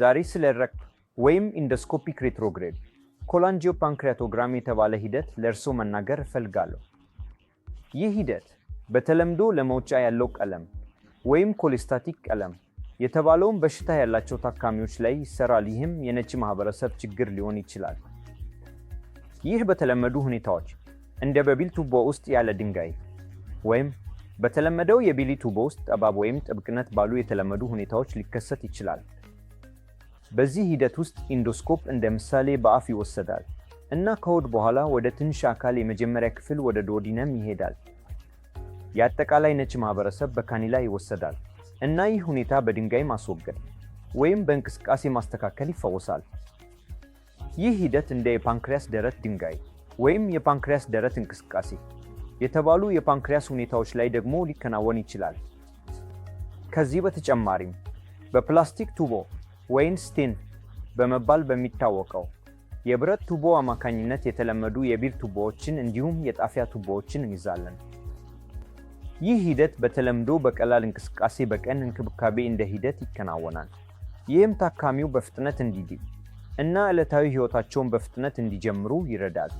ዛሬ ስለ ረክት ወይም ኢንዶስኮፒክ ሬትሮግሬድ ኮላንጂዮ ፓንክሪያቶግራም የተባለ ሂደት ለእርስዎ መናገር እፈልጋለሁ። ይህ ሂደት በተለምዶ ለመውጫ ያለው ቀለም ወይም ኮሊስታቲክ ቀለም የተባለውን በሽታ ያላቸው ታካሚዎች ላይ ይሰራል። ይህም የነጭ ማህበረሰብ ችግር ሊሆን ይችላል። ይህ በተለመዱ ሁኔታዎች እንደ በቢል ቱቦ ውስጥ ያለ ድንጋይ ወይም በተለመደው የቢሊ ቱቦ ውስጥ ጠባብ ወይም ጥብቅነት ባሉ የተለመዱ ሁኔታዎች ሊከሰት ይችላል። በዚህ ሂደት ውስጥ ኢንዶስኮፕ እንደ ምሳሌ በአፍ ይወሰዳል እና ከሆድ በኋላ ወደ ትንሽ አካል የመጀመሪያ ክፍል ወደ ዶዲነም ይሄዳል። የአጠቃላይ ነጭ ማህበረሰብ በካኒላ ይወሰዳል እና ይህ ሁኔታ በድንጋይ ማስወገድ ወይም በእንቅስቃሴ ማስተካከል ይፈወሳል። ይህ ሂደት እንደ የፓንክሪያስ ደረት ድንጋይ ወይም የፓንክሪያስ ደረት እንቅስቃሴ የተባሉ የፓንክሪያስ ሁኔታዎች ላይ ደግሞ ሊከናወን ይችላል። ከዚህ በተጨማሪም በፕላስቲክ ቱቦ ዌይንስቲን በመባል በሚታወቀው የብረት ቱቦ አማካኝነት የተለመዱ የቢር ቱቦዎችን እንዲሁም የጣፊያ ቱቦዎችን እንይዛለን። ይህ ሂደት በተለምዶ በቀላል እንቅስቃሴ በቀን እንክብካቤ እንደ ሂደት ይከናወናል። ይህም ታካሚው በፍጥነት እንዲድን እና ዕለታዊ ሕይወታቸውን በፍጥነት እንዲጀምሩ ይረዳል።